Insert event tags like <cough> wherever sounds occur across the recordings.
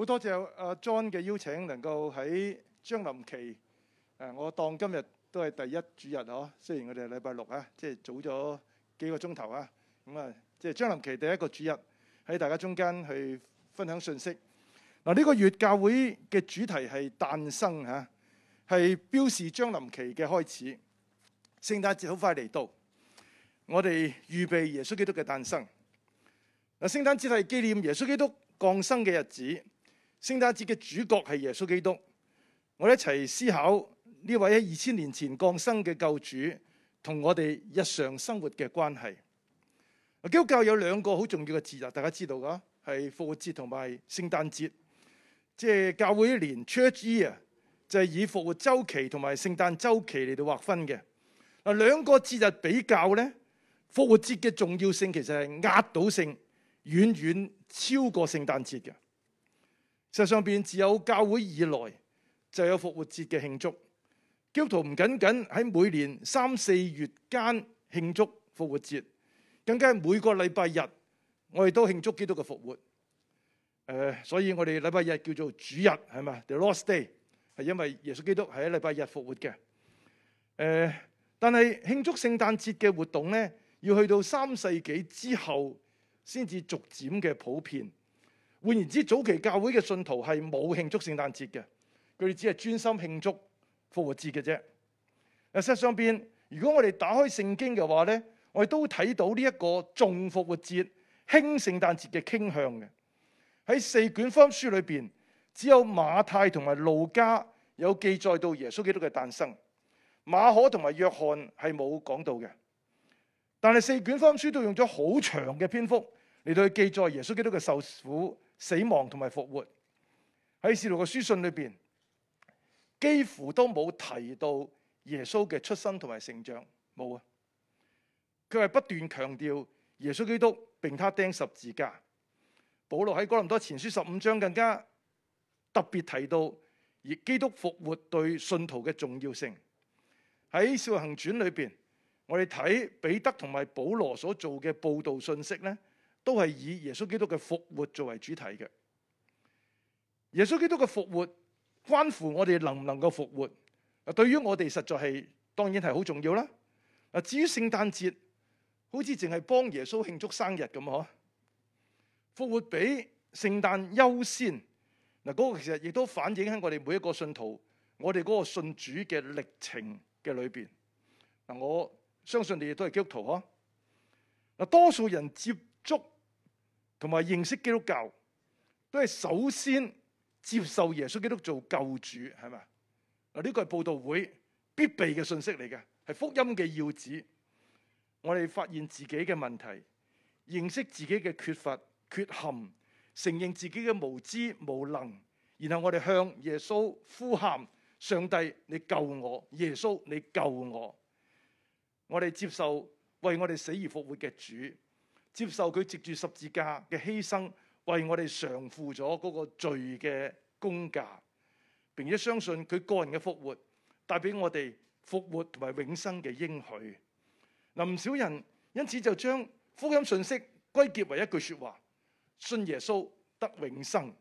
好多謝阿 John 嘅邀請，能夠喺將臨期。誒，我當今日都係第一主日嗬。雖然我哋係禮拜六啊，即係早咗幾個鐘頭啊。咁啊，即係將臨期第一個主日喺大家中間去分享信息。嗱，呢個月教會嘅主題係誕生吓，係標示將臨期嘅開始。聖誕節好快嚟到，我哋預備耶穌基督嘅誕生。嗱，聖誕節係紀念耶穌基督降生嘅日子。聖誕節嘅主角係耶穌基督，我哋一齊思考呢位喺二千年前降生嘅救主同我哋日常生活嘅關係。基督教有兩個好重要嘅節日，大家知道噶，係復活節同埋聖誕節，即係教會年 Church Year 就係以復活周期同埋聖誕周期嚟到劃分嘅。嗱，兩個節日比較咧，復活節嘅重要性其實係壓倒性，遠遠超過聖誕節嘅。事實上邊，自有教會以來就有復活節嘅慶祝，基督徒唔僅僅喺每年三四月間慶祝復活節，更加每個禮拜日我哋都慶祝基督嘅復活。誒、呃，所以我哋禮拜日叫做主日係嘛，The Lord's Day，係因為耶穌基督係喺禮拜日復活嘅。誒、呃，但係慶祝聖誕節嘅活動咧，要去到三世紀之後先至逐漸嘅普遍。換言之，早期教會嘅信徒係冇慶祝聖誕節嘅，佢哋只係專心慶祝復活節嘅啫。事實上邊，如果我哋打開聖經嘅話咧，我哋都睇到呢一個重復活節、輕聖誕節嘅傾向嘅。喺四卷福音書裏邊，只有馬太同埋路加有記載到耶穌基督嘅誕生，馬可同埋約翰係冇講到嘅。但係四卷福音書都用咗好長嘅篇幅嚟到去記載耶穌基督嘅受苦。死亡同埋復活。喺使徒嘅書信裏邊，幾乎都冇提到耶穌嘅出生同埋成長，冇啊！佢係不斷強調耶穌基督並他釘十字架。保羅喺哥林多前書十五章更加特別提到，而基督復活對信徒嘅重要性。喺《使徒行傳》裏邊，我哋睇彼得同埋保羅所做嘅報導信息咧。都係以耶穌基督嘅復活作為主題嘅。耶穌基督嘅復活關乎我哋能唔能夠復活。啊，對於我哋實在係當然係好重要啦。啊，至於聖誕節，好似淨係幫耶穌慶祝生日咁嗬。復活比聖誕優先。嗱，嗰個其實亦都反映喺我哋每一個信徒，我哋嗰個信主嘅歷程嘅裏邊。嗱，我相信你亦都係基督徒嗬。嗱，多數人接。捉同埋認識基督教，都係首先接受耶穌基督做救主，係咪啊？呢個係佈道會必備嘅信息嚟嘅，係福音嘅要旨。我哋發現自己嘅問題，認識自己嘅缺乏、缺陷，承認自己嘅無知無能，然後我哋向耶穌呼喊：上帝，你救我！耶穌，你救我！我哋接受為我哋死而復活嘅主。接受佢藉住十字架嘅犧牲，為我哋償付咗嗰個罪嘅工價，並且相信佢個人嘅復活，帶俾我哋復活同埋永生嘅應許。嗱，唔少人因此就將福音信息歸結為一句說話：信耶穌得永生。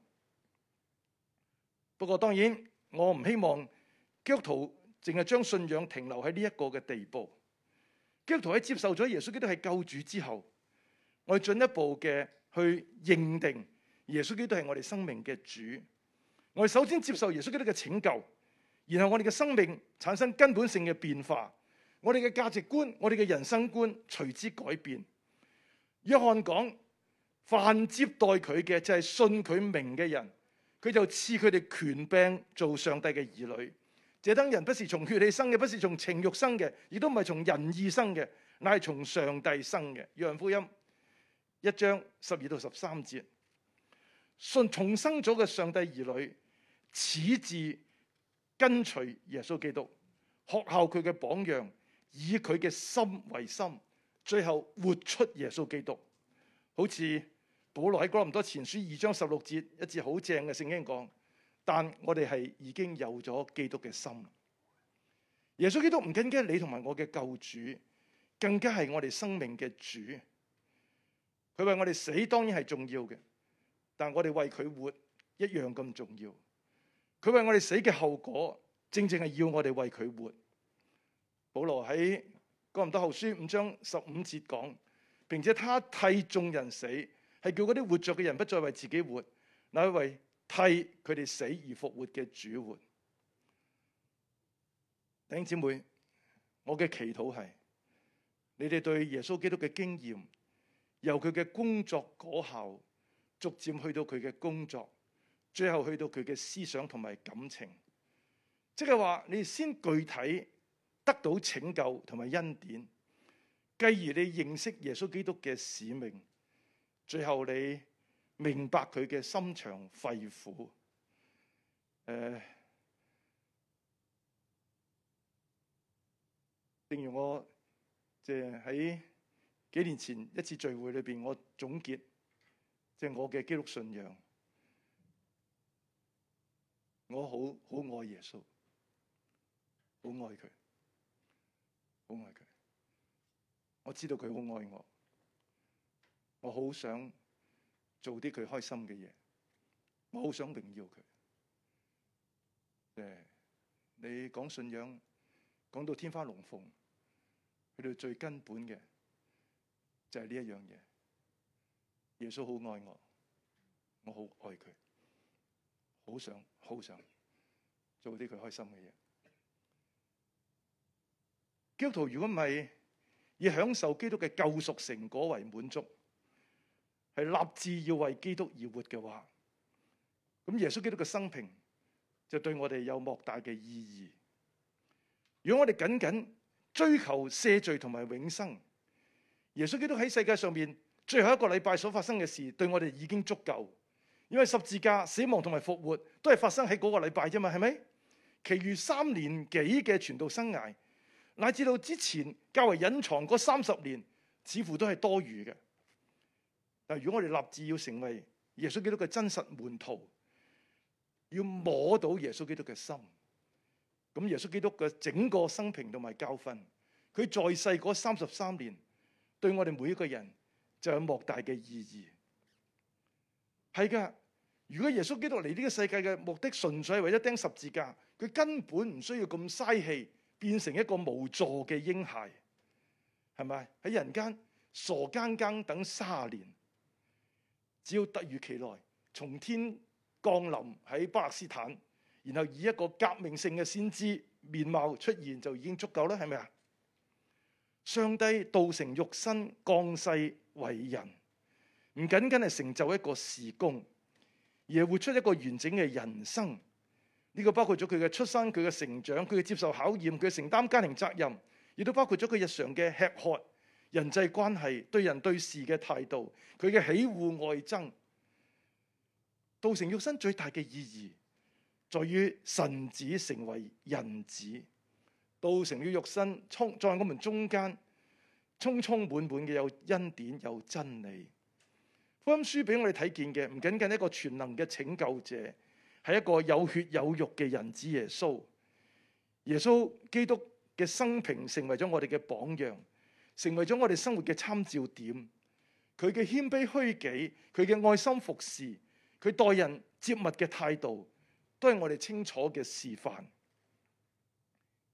不過當然，我唔希望基督徒淨係將信仰停留喺呢一個嘅地步。基督徒喺接受咗耶穌基督係救主之後，我哋進一步嘅去認定耶穌基督係我哋生命嘅主。我哋首先接受耶穌基督嘅拯救，然後我哋嘅生命產生根本性嘅變化，我哋嘅價值觀、我哋嘅人生觀隨之改變講。約翰講：凡接待佢嘅就係信佢名嘅人，佢就賜佢哋權柄做上帝嘅兒女。這等人不是從血氣生嘅，不是從情欲生嘅，亦都唔係從人意生嘅，乃係從上帝生嘅。約翰福音。一章十二到十三節，信重生咗嘅上帝兒女，始至跟隨耶穌基督，學效佢嘅榜樣，以佢嘅心為心，最後活出耶穌基督。好似保羅喺哥林多前書二章十六節，一節好正嘅聖經講，但我哋係已經有咗基督嘅心。耶穌基督唔僅僅係你同埋我嘅救主，更加係我哋生命嘅主。佢為我哋死，當然係重要嘅，但我哋為佢活一樣咁重要。佢為我哋死嘅後果，正正係要我哋為佢活。保羅喺哥林多後書五章十五節講，並且他替眾人死，係叫嗰啲活着嘅人不再為自己活，乃為替佢哋死而復活嘅主活。弟兄姊妹，我嘅祈禱係，你哋對耶穌基督嘅經驗，由佢嘅工作果效，逐漸去到佢嘅工作，最後去到佢嘅思想同埋感情。即係話，你先具體得到拯救同埋恩典，繼而你認識耶穌基督嘅使命，最後你明白佢嘅心腸肺腑。誒、呃，正如我即係喺。幾年前一次聚會裏面，我總結即係、就是、我嘅基督信仰，我好好愛耶穌，好愛佢，好愛他，很愛他。我知道佢好愛我，我好想做啲佢開心嘅嘢，我好想榮耀佢。你講信仰講到天花龍鳳，去到最根本嘅。就係呢一樣嘢，耶穌好愛我，我好愛佢，好想好想做啲佢開心嘅嘢。基督徒如果唔係以享受基督嘅救贖成果為滿足，係立志要為基督而活嘅話，咁耶穌基督嘅生平就對我哋有莫大嘅意義。如果我哋僅僅追求赦罪同埋永生，耶穌基督喺世界上面最後一個禮拜所發生嘅事，對我哋已經足夠，因為十字架、死亡同埋復活都係發生喺嗰個禮拜啫嘛，係咪？其餘三年幾嘅傳道生涯，乃至到之前較為隱藏嗰三十年，似乎都係多餘嘅。但如果我哋立志要成為耶穌基督嘅真實門徒，要摸到耶穌基督嘅心，咁耶穌基督嘅整個生平同埋教訓，佢在世嗰三十三年。對我哋每一個人就有莫大嘅意義，係噶。如果耶穌基督嚟呢個世界嘅目的純粹為咗釘十字架，佢根本唔需要咁嘥氣，變成一個無助嘅嬰孩，係咪？喺人間傻更更等三十年，只要突如其來從天降臨喺巴勒斯坦，然後以一個革命性嘅先知面貌出現，就已經足夠啦，係咪啊？上帝道成肉身降世為人，唔僅僅係成就一個事工，而係活出一個完整嘅人生。呢、這個包括咗佢嘅出生、佢嘅成長、佢嘅接受考驗、佢承擔家庭責任，亦都包括咗佢日常嘅吃喝、人際關係、對人對事嘅態度、佢嘅喜惡愛憎。道成肉身最大嘅意義，在於神子成為人子。道成了肉身，充在我們中間，充充滿滿嘅有恩典有真理。福音書俾我哋睇見嘅唔僅僅一個全能嘅拯救者，係一個有血有肉嘅人子耶穌。耶穌基督嘅生平成為咗我哋嘅榜樣，成為咗我哋生活嘅參照點。佢嘅謙卑虛己，佢嘅愛心服侍，佢待人接物嘅態度，都係我哋清楚嘅示範。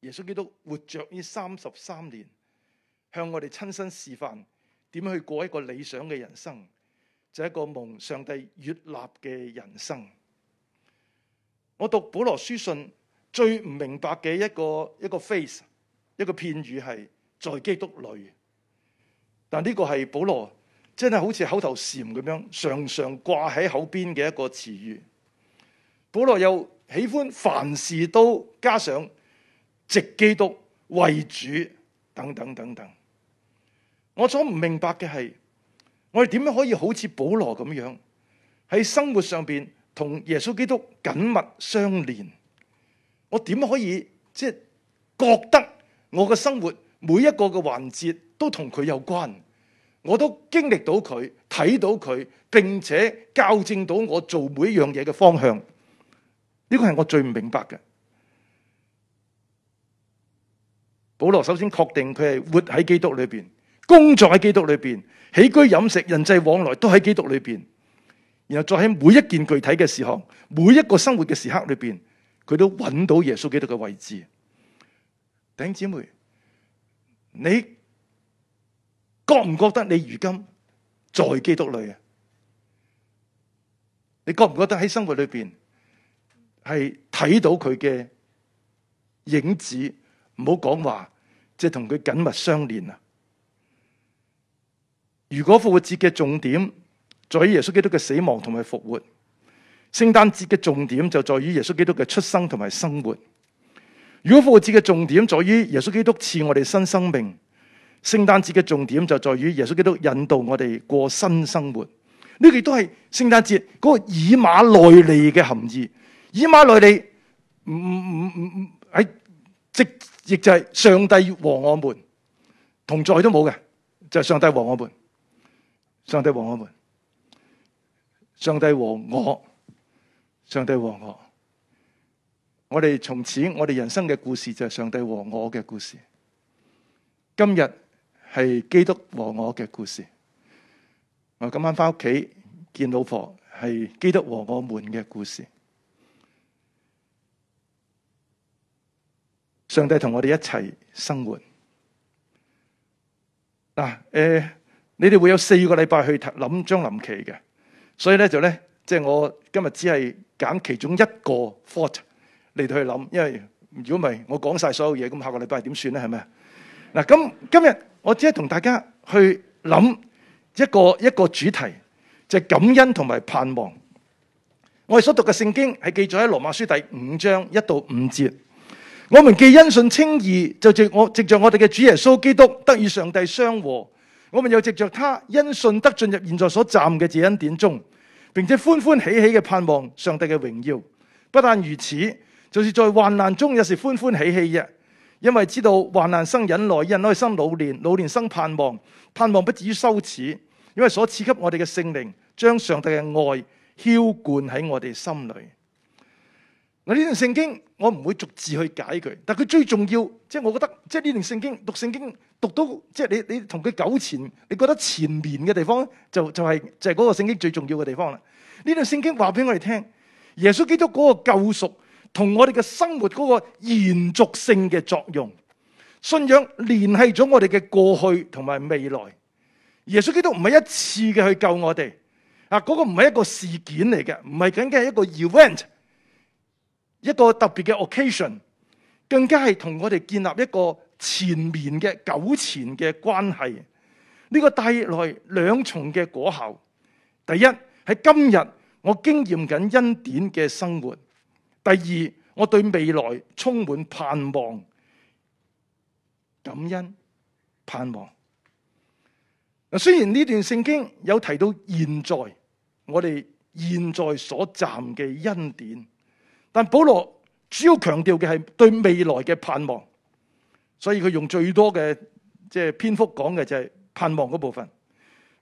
耶穌基督活着呢三十三年，向我哋親身示範點去過一個理想嘅人生，就係一個蒙上帝悅納嘅人生。我讀保羅書信最唔明白嘅一個一個 face 一個片語係在基督裡，但呢個係保羅真係好似口頭禪咁樣，常常掛喺口邊嘅一個詞語。保羅又喜歡凡事都加上，直基督為主，等等等等。我所唔明白嘅係，我哋點樣可以好似保羅咁樣喺生活上邊同耶穌基督緊密相連？我點可以即係覺得我嘅生活每一個嘅環節都同佢有關？我都經歷到佢，睇到佢，並且校正到我做每一樣嘢嘅方向。呢個係我最唔明白嘅。保羅首先確定佢是活喺基督裏面，工作喺基督裏面，起居飲食、人際往來都喺基督裏面。然後再喺每一件具體嘅事項、每一個生活嘅時刻裏面，佢都揾到耶穌基督嘅位置。弟兄姐妹，你覺唔覺得你如今在基督裏啊？你覺唔覺得喺生活裏面是睇到佢嘅影子？唔好講話，即係同佢緊密相連啊！如果復活節嘅重點在於耶穌基督嘅死亡同埋復活，聖誕節嘅重點就在於耶穌基督嘅出生同埋生活。如果復活節嘅重點在於耶穌基督賜我哋新生命，聖誕節嘅重點就在於耶穌基督引導我哋過新生活。呢個亦都係聖誕節嗰個以馬內利嘅含義。以馬內利，唔唔唔唔喺直。亦就係上帝和我們同在都冇嘅，就係上帝和我們，上帝和我們，上帝和我，上帝和我。我哋從此我哋人生嘅故事就係上帝和我嘅故事。今日係基督和我嘅故事。我今晚翻屋企見老婆係基督和我們嘅故事。上帝同我哋一齊生活嗱，誒、呃，你哋會有四個禮拜去諗將臨期嘅，所以咧就咧，即係我今日只係揀其中一個 thought 嚟到去諗，因為如果唔係我講晒所有嘢，咁下個禮拜點算咧？係咪嗱，咁今日我只係同大家去諗一個一個主題，就係感恩同埋盼望。我哋所讀嘅聖經係記載喺羅馬書第五章一到五節。我們既因信稱義，就藉我藉着我哋嘅主耶穌基督得與上帝相和；我們又藉着他因信得進入現在所站嘅這恩典中，並且歡歡喜喜嘅盼望上帝嘅榮耀。不但如此，就是在患難中也是歡歡喜喜嘅，因為知道患難生忍耐，忍耐生老年，老年生盼望，盼望不至於羞恥，因為所賜給我哋嘅聖靈將上帝嘅愛澆灌喺我哋心裏。我呢段聖經我唔會逐字去解佢，但係佢最重要，即係我覺得，即係呢段聖經讀聖經讀到，即係你你同佢糾纏，你覺得纏綿嘅地方咧，就就係就係嗰個聖經最重要嘅地方啦。呢段聖經話俾我哋聽，耶穌基督嗰個救贖同我哋嘅生活嗰個延續性嘅作用，信仰聯繫咗我哋嘅過去同埋未來。耶穌基督唔係一次嘅去救我哋，啊嗰個唔係一個事件嚟嘅，唔係僅僅係一個 event。一個特別嘅 occasion，更加係同我哋建立一個纏綿嘅糾纏嘅關係。呢個帶來兩重嘅果效：第一喺今日我經驗緊恩典嘅生活；第二我對未來充滿盼望、感恩、盼望。嗱，雖然呢段聖經有提到現在我哋現在所站嘅恩典。但保羅主要強調嘅係對未來嘅盼望，所以佢用最多嘅即係篇幅講嘅就係盼望嗰部分，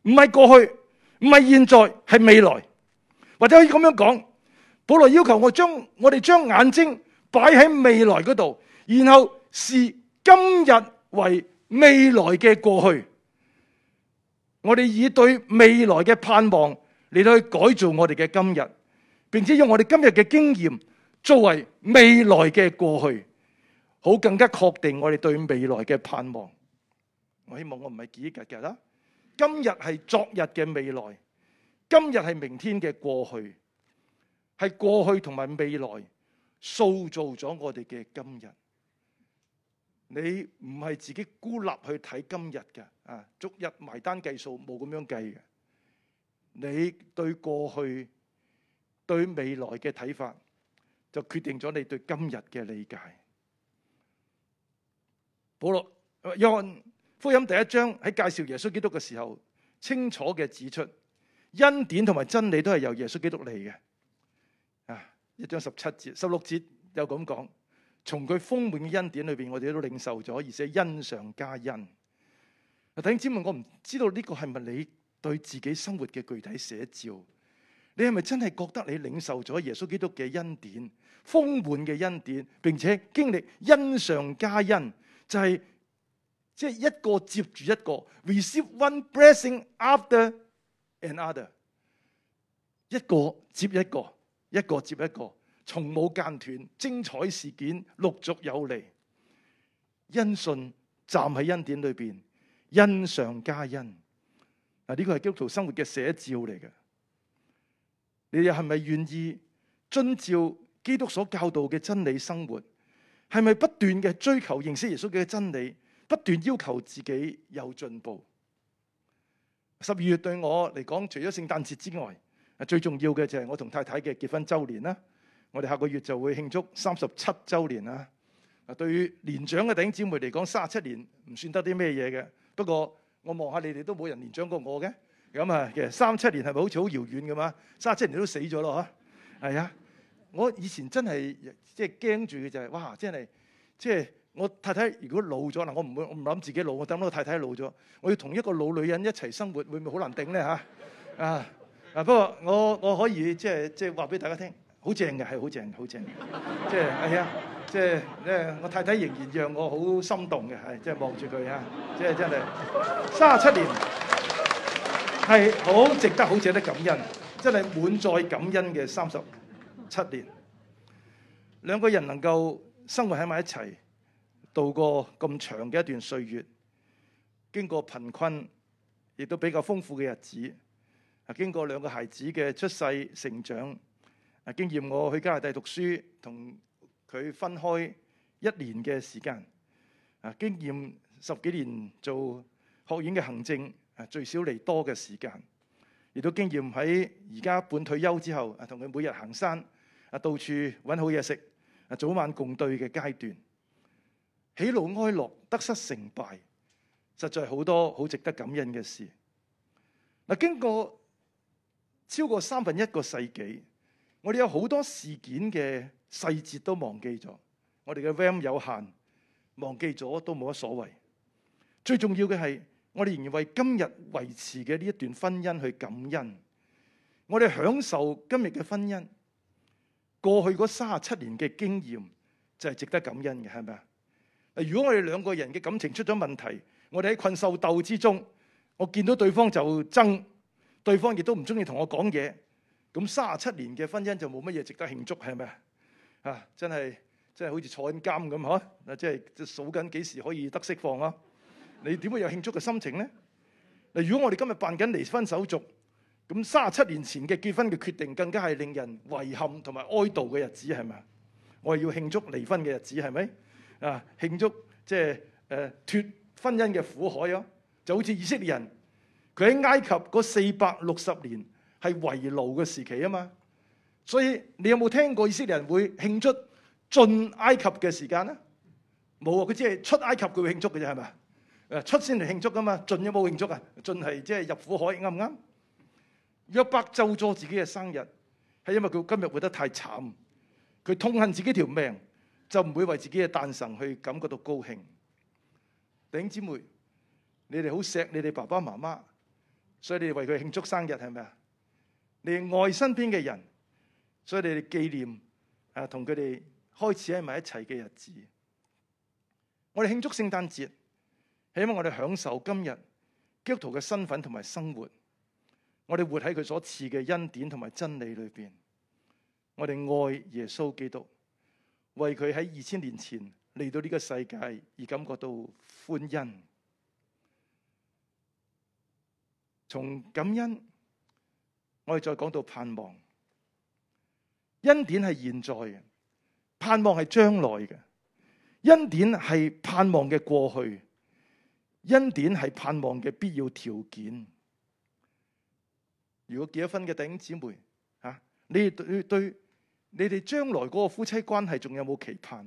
唔係過去，唔係現在，係未來。或者可以咁樣講，保羅要求我將我哋將眼睛擺喺未來嗰度，然後視今日為未來嘅過去。我哋以對未來嘅盼望嚟到去改造我哋嘅今日，並且用我哋今日嘅經驗作為未來嘅過去，好更加確定我哋對未來嘅盼望。我希望我唔係幾日嘅啦。今日係昨日嘅未來，今日係明天嘅過去，係過去同埋未來塑造咗我哋嘅今日。你唔係自己孤立去睇今日嘅啊。逐日埋單計數冇咁樣計嘅。你對過去、對未來嘅睇法，就決定咗你對今日嘅理解。保羅、約翰福音第一章喺介紹耶穌基督嘅時候，清楚嘅指出恩典同埋真理都係由耶穌基督嚟嘅。啊，一章十七節、十六節有咁講，從佢豐滿嘅恩典裏邊，我哋都領受咗，而且恩上加恩。啊，弟兄姊妹，我唔知道呢個係咪你對自己生活嘅具體寫照？你係咪真係覺得你領受咗耶穌基督嘅恩典，豐滿嘅恩典，並且經歷恩上加恩？就係即係一個接住一個，receive one blessing after another，一個接一個，一個接一個，從冇間斷，精彩事件陸續有嚟。因信站喺恩典裏邊，恩上加恩。啊，呢個係基督徒生活嘅寫照嚟嘅。你哋係咪願意遵照基督所教導嘅真理生活？係咪不，不斷嘅追求認識耶穌嘅真理，不斷要求自己有進步？十二月對我嚟講，除咗聖誕節之外，最重要嘅就係我同太太嘅結婚週年啦。我哋下個月就會慶祝三十七週年啦。啊，對於年長嘅弟兄姊妹嚟講，三十七年唔算得啲咩嘢嘅。不過我望下你哋都冇人年長過我嘅。咁啊，其實三七年係咪好似好遙遠嘅嘛？三七年都死咗咯嗬，係啊。我以前真係即係驚住嘅就係、是就是，哇！真係即係我太太如果老咗嗱，我唔會我唔諗自己老，我等到我太太老咗，我要同一個老女人一齊生活，會唔會好難頂咧嚇？啊啊！不過我我可以即係即係話俾大家聽，好正嘅係好正好正，即係係啊，即係咧我太太仍然讓我好心動嘅，係即係望住佢啊，即、就、係、是就是、真係三七年。係好值得，好值得感恩，真係滿載感恩嘅三十七年。兩個人能夠生活喺埋一齊，度過咁長嘅一段歲月，經過貧困，亦都比較豐富嘅日子。啊，經過兩個孩子嘅出世、成長，啊，經驗我去加拿大讀書，同佢分開一年嘅時間，啊，經驗十幾年做學院嘅行政。啊，最少嚟多嘅時間，亦都經驗喺而家半退休之後，啊，同佢每日行山，啊，到處揾好嘢食，啊，早晚共對嘅階段，喜怒哀樂、得失成敗，實在係好多好值得感恩嘅事。嗱，經過超過三分一個世紀，我哋有好多事件嘅細節都忘記咗，我哋嘅 RAM 有限，忘記咗都冇乜所謂。最重要嘅係。我哋仍然為今日維持嘅呢一段婚姻去感恩，我哋享受今日嘅婚姻，過去嗰三十七年嘅經驗就係值得感恩嘅，係咪啊？如果我哋兩個人嘅感情出咗問題，我哋喺困獸鬥之中，我見到對方就爭，對方亦都唔中意同我講嘢，咁三十七年嘅婚姻就冇乜嘢值得慶祝，係咪啊？真係，真係好似坐緊監咁嗬，啊，即係即係數緊幾時可以得釋放咯，啊。你點會有慶祝嘅心情呢？嗱，如果我哋今日辦緊離婚手續，咁三十七年前嘅結婚嘅決定更加係令人遺憾同埋哀悼嘅日子，係咪？我哋要慶祝離婚嘅日子，係咪？啊，慶祝即係誒脫婚姻嘅苦海咯，就好似以色列人，佢喺埃及嗰四百六十年係為奴嘅時期啊嘛，所以你有冇聽過以色列人會慶祝進埃及嘅時間呢？冇啊，佢只係出埃及佢會慶祝嘅啫，係咪？出先嚟慶祝㗎嘛？進有冇慶祝啊？進係即係入苦海，啱唔啱？約伯咒咗自己嘅生日，係因為佢今日活得太慘，佢痛恨自己條命，就唔會為自己嘅誕辰去感覺到高興。弟兄姊妹，你哋好錫你哋爸爸媽媽，所以你哋為佢慶祝生日係咪啊？你愛身邊嘅人，所以你哋紀念啊，同佢哋開始喺埋一齊嘅日子。我哋慶祝聖誕節。希望我哋享受今日基督徒嘅身份同埋生活，我哋活喺佢所賜嘅恩典同埋真理裏邊，我哋愛耶穌基督，為佢喺二千年前嚟到呢個世界而感覺到歡欣。從感恩，我哋再講到盼望。恩典係現在嘅，盼望係將來嘅，恩典係盼望嘅過去。恩典係盼望嘅必要條件。如果結咗婚嘅弟兄姊妹，啊，你對你哋將來嗰個夫妻關係仲有冇期盼？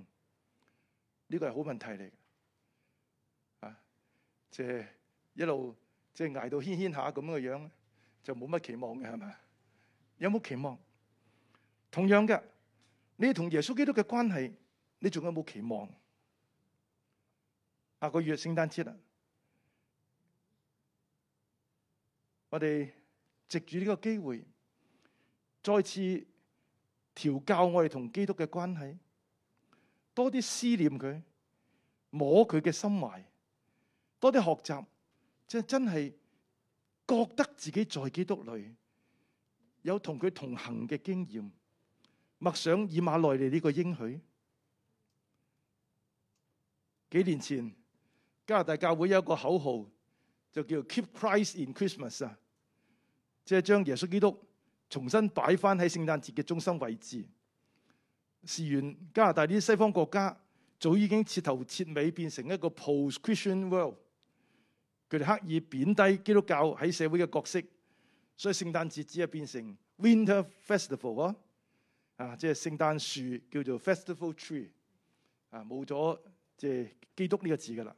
呢個係好問題嚟，啊，即係一路即係挨到牽牽下咁樣嘅樣，就冇乜期望嘅係咪？有冇期望？同樣嘅，你同耶穌基督嘅關係，你仲有冇期望？下個月聖誕節啦。我哋藉住呢個機會，再次調教我哋同基督嘅關係，多啲思念佢，摸佢嘅心懷，多啲學習，即係真係覺得自己在基督裏有同佢同行嘅經驗，默想以馬內利呢個應許。幾年前加拿大教會有一個口號。就叫做 Keep Christ in Christmas 啊，即係將耶穌基督重新擺翻喺聖誕節嘅中心位置。事緣，加拿大呢啲西方國家早已經徹頭徹尾變成一個 Post-Christian World，佢哋刻意貶低基督教喺社會嘅角色，所以聖誕節只係變成 Winter Festival 啊，啊即係聖誕樹叫做 Festival Tree 啊，冇咗即係基督呢個字噶啦。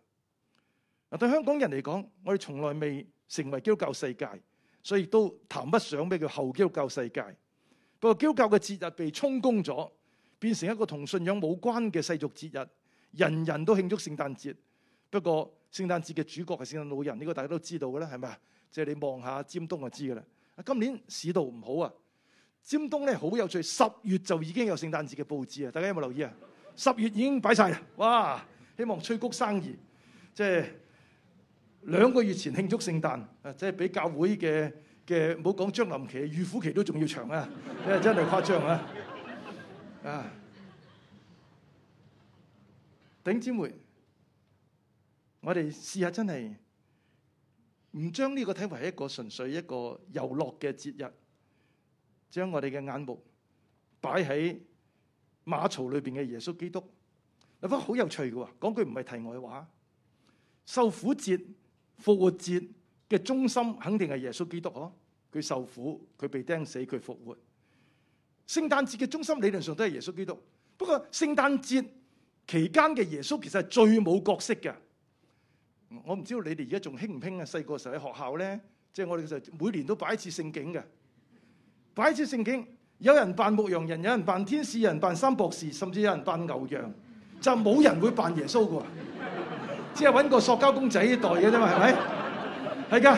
嗱，對香港人嚟講，我哋從來未成為基督教世界，所以都談不上咩叫後基督教世界。不過，基督教嘅節日被充公咗，變成一個同信仰冇關嘅世俗節日，人人都慶祝聖誕節。不過，聖誕節嘅主角係聖誕老人，呢個大家都知道㗎啦，係咪啊？即係你望下尖東就知㗎啦。今年市道唔好啊，尖東咧好有趣，十月就已經有聖誕節嘅佈置啊！大家有冇留意啊？十月已經擺晒啦，哇！希望催谷生意，即係。兩個月前慶祝聖誕，啊，即係比教會嘅嘅唔好講將臨期、預苦期都仲要長啊！因為真係誇張啊！啊，弟兄姊妹，我哋試下真係唔將呢個睇為一個純粹一個遊樂嘅節日，將我哋嘅眼目擺喺馬槽裏邊嘅耶穌基督。嗱，翻好有趣嘅喎，講句唔係題外話，受苦節。復活節嘅中心肯定係耶穌基督嗬，佢受苦，佢被釘死，佢復活。聖誕節嘅中心理論上都係耶穌基督，不過聖誕節期間嘅耶穌其實係最冇角色嘅。我唔知道你哋而家仲興唔興啊？細個時候喺學校咧，即係我哋就每年都擺一次聖景嘅，擺一次聖景，有人扮牧羊人，有人扮天使，有人扮三博士，甚至有人扮牛羊，就冇人會扮耶穌噶。只係揾個塑膠公仔代嘅啫嘛，係咪？係噶，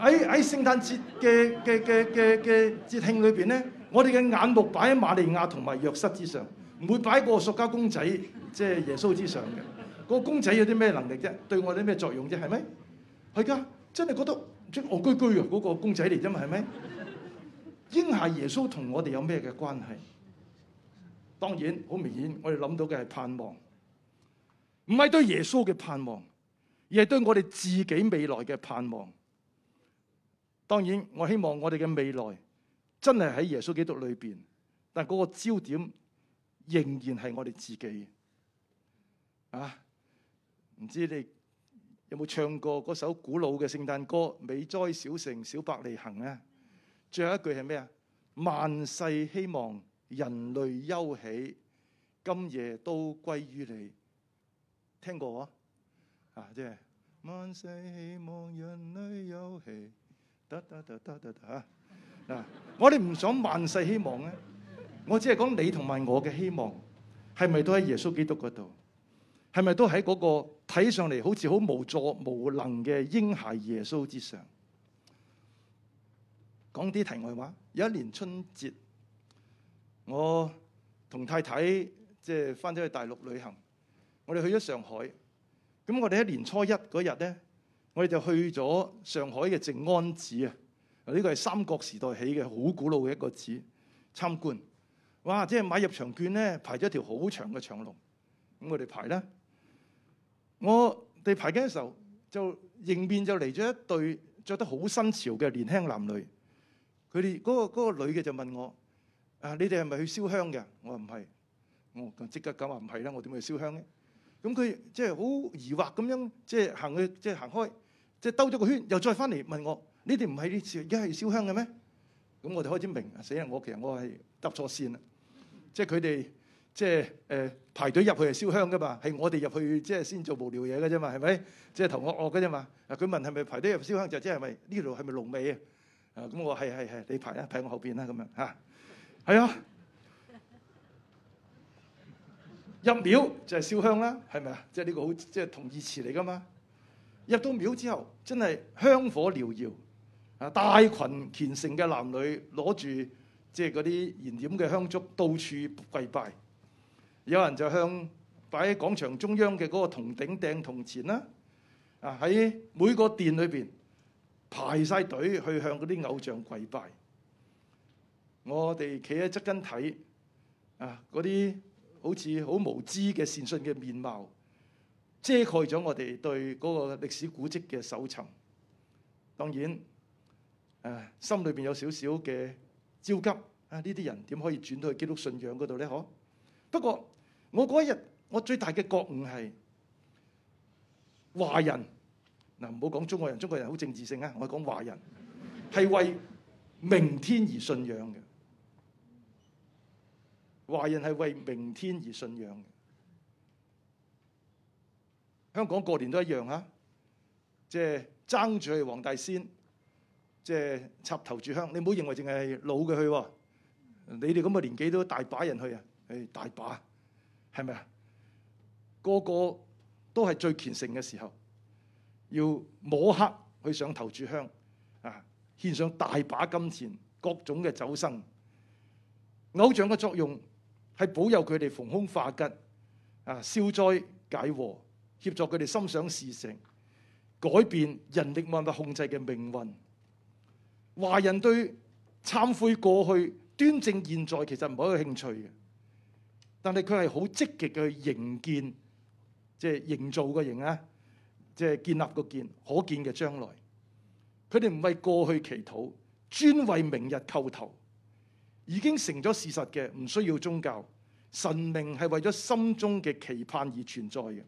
喺喺聖誕節嘅嘅嘅嘅嘅節慶裏邊咧，我哋嘅眼目擺喺瑪利亞同埋約瑟之上，唔會擺個塑膠公仔，即係耶穌之上嘅。個公仔有啲咩能力啫？對我哋咩作用啫？係咪？係噶，真係覺得戇居居嘅嗰個公仔嚟啫嘛，係咪？嬰孩耶穌同我哋有咩嘅關係？當然，好明顯，我哋諗到嘅係盼望。唔係對耶穌嘅盼望，而係對我哋自己未來嘅盼望。當然，我希望我哋嘅未來真係喺耶穌基督裏邊，但嗰個焦點仍然係我哋自己。啊，唔知你有冇唱過嗰首古老嘅聖誕歌《美哉小城，小伯利恆》咧？最後一句係咩啊？萬世希望，人類休喜，今夜都歸於你。聽過喎、啊，嚇、啊！即、就、係、是、萬世希望，人類有希，得得得得得嚇！嗱、啊，我哋唔想萬世希望咧、啊，我只係講你同埋我嘅希望，係咪都喺耶穌基督嗰度？係咪都喺嗰個睇上嚟好似好無助無能嘅嬰孩耶穌之上？講啲題外話。有一年春節，我同太太即係翻咗去大陸旅行。我哋去咗上海，咁我哋喺年初一嗰日咧，我哋就去咗上海嘅靜安寺啊。呢個係三國時代起嘅好古老嘅一個寺參觀。哇！即係買入場券咧，排咗條好長嘅長龍。咁我哋排啦，我哋排緊嘅時候就迎面就嚟咗一對着得好新潮嘅年輕男女。佢哋嗰個、嗰個女嘅就問我，啊，你哋係咪去燒香嘅？我話唔係，我即刻咁話唔係啦。我點去燒香咧？咁佢即係好疑惑咁樣，即係行去，即係行開，即係兜咗個圈，又再翻嚟問我：你哋唔係而家係燒香嘅咩？咁我就開始明，死人！我其實我係搭錯線啦，即係佢哋即係誒排隊入去係燒香噶嘛，係我哋入去即係、就是、先做無聊嘢嘅啫嘛，係咪？即係頭岳岳嘅啫嘛。佢問係咪排隊入燒香，就即係咪呢條係咪龍尾啊？咁、啊、我話係係係，你排啦，排我後邊啦，咁樣吓，係啊。入廟就係燒香啦，係咪啊？即係呢個好即係同義詞嚟噶嘛。入到廟之後，真係香火繚繞，啊，大群虔誠嘅男女攞住即係嗰啲燃點嘅香燭，到處跪拜。有人就向擺喺廣場中央嘅嗰個銅鼎掟銅錢啦。啊，喺每個殿裏邊排晒隊去向嗰啲偶像跪拜。我哋企喺側邊睇，啊嗰啲，好似好無知嘅善信嘅面貌，遮蓋咗我哋對嗰個歷史古蹟嘅搜尋。當然，誒、啊、心裏邊有少少嘅焦急啊！呢啲人點可以轉到去基督信仰嗰度咧？嗬？不過我一日我最大嘅覺悟係華人嗱，唔好講中國人，中國人好政治性啊！我講華人係 <laughs> 為明天而信仰嘅。華人係為明天而信仰嘅，香港過年都一樣㗎，即係爭住去黃大仙，即係插頭炷香。你唔好認為淨係老嘅去，你哋咁嘅年紀都大把人去啊，係大把，係咪啊？個個都係最虔誠嘅時候，要摸黑去上頭炷香啊，獻上大把金錢、各種嘅酒生，偶像嘅作用。係保佑佢哋逢凶化吉，啊，消災解禍，協助佢哋心想事成，改變人力萬物控制嘅命運。華人對懺悔過去、端正現在，其實唔係一個興趣嘅，但係佢係好積極嘅去營建，即係營造個營啊，即係建立個建可見嘅將來。佢哋唔為過去祈禱，專為明日叩頭。已經成咗事實嘅，唔需要宗教。神明係為咗心中嘅期盼而存在嘅，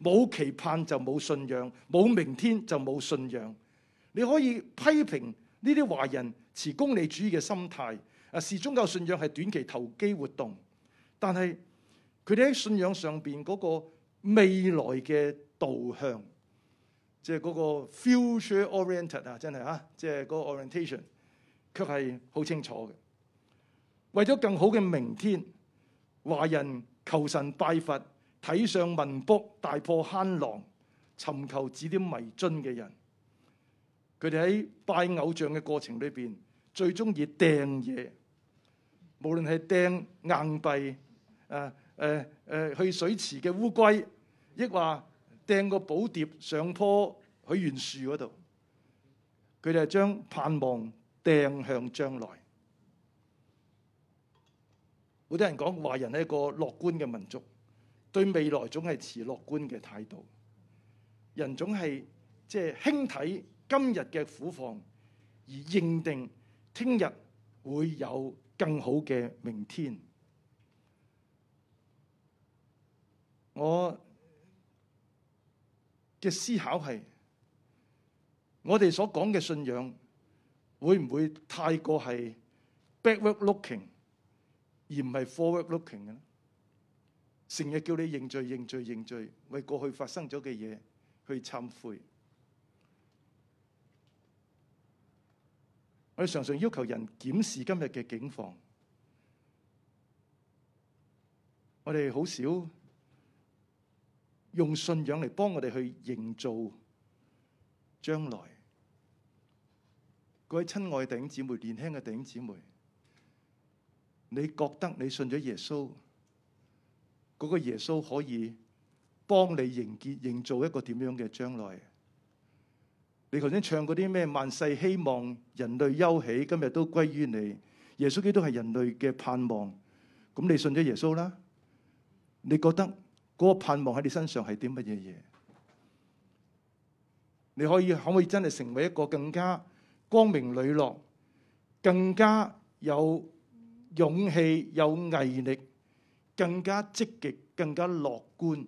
冇期盼就冇信仰，冇明天就冇信仰。你可以批評呢啲華人持功利主義嘅心態，啊，視宗教信仰係短期投機活動，但係佢哋喺信仰上面嗰個未來嘅導向，即係嗰個 future-oriented 啊，真係啊，即係嗰個 orientation，卻係好清楚嘅。為咗更好嘅明天，華人求神拜佛、睇相問卜，大破慳囊、尋求指點迷津嘅人，佢哋喺拜偶像嘅過程裏邊，最中意掟嘢，無論係掟硬幣、誒誒誒去水池嘅烏龜，亦話掟個寶碟上棵，許願樹嗰度，佢哋係將盼望掟向將來。好多人講華人係一個樂觀嘅民族，對未來總係持樂觀嘅態度。人總係即係輕睇今日嘅苦況，而認定聽日會有更好嘅明天。我嘅思考係：我哋所講嘅信仰會唔會太過係 backward looking？而唔係 forward-looking 嘅，成日叫你認罪、認罪、認罪，為過去發生咗嘅嘢去懺悔。我哋常常要求人檢視今日嘅境況，我哋好少用信仰嚟幫我哋去營造將來。各位親愛嘅弟兄姊妹、年輕嘅弟兄姊妹。你覺得你信咗耶穌，嗰個耶穌可以幫你迎接、營造一個點樣嘅將來？你頭先唱嗰啲咩？萬世希望人類休起，今日都歸於你。耶穌基督係人類嘅盼望。咁你信咗耶穌啦？你覺得嗰個盼望喺你身上係啲乜嘢嘢？你可以可唔可以真係成為一個更加光明磊落、更加有勇氣有毅力，更加積極、更加樂觀、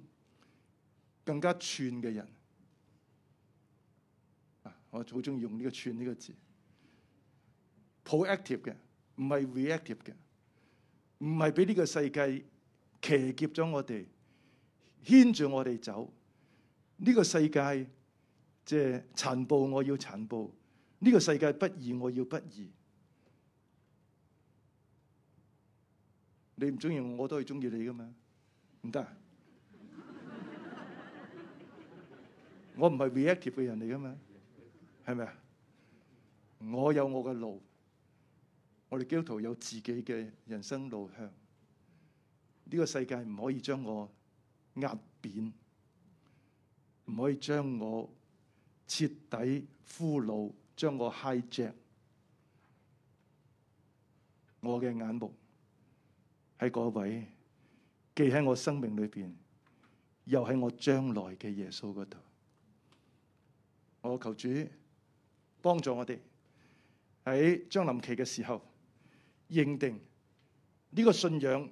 更加串嘅人。我好中意用呢個串呢個字。proactive 嘅，唔係 reactive 嘅，唔係俾呢個世界騎劫咗我哋，牽住我哋走。呢個世界即係殘暴，我要殘暴；呢個世界不義，我要不義。你唔中意我都係中意你噶嘛。唔得！ <laughs> 我唔係 reactive 嘅人嚟噶嘛，係咪？我有我嘅路，我哋基督徒有自己嘅人生路向。呢、呢個世界唔可以將我壓扁，唔可以將我徹底俘虜，將我 hijack，我嘅眼目。喺嗰位既喺我生命裏邊，又喺我將來嘅耶穌嗰度。我求主幫助我哋喺將臨期嘅時候認定呢個信仰，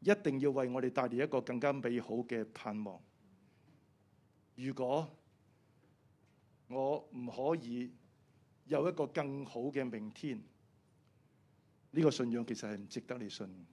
一定要為我哋帶嚟一個更加美好嘅盼望。如果我唔可以有一個更好嘅明天，呢個信仰其實係唔值得你信。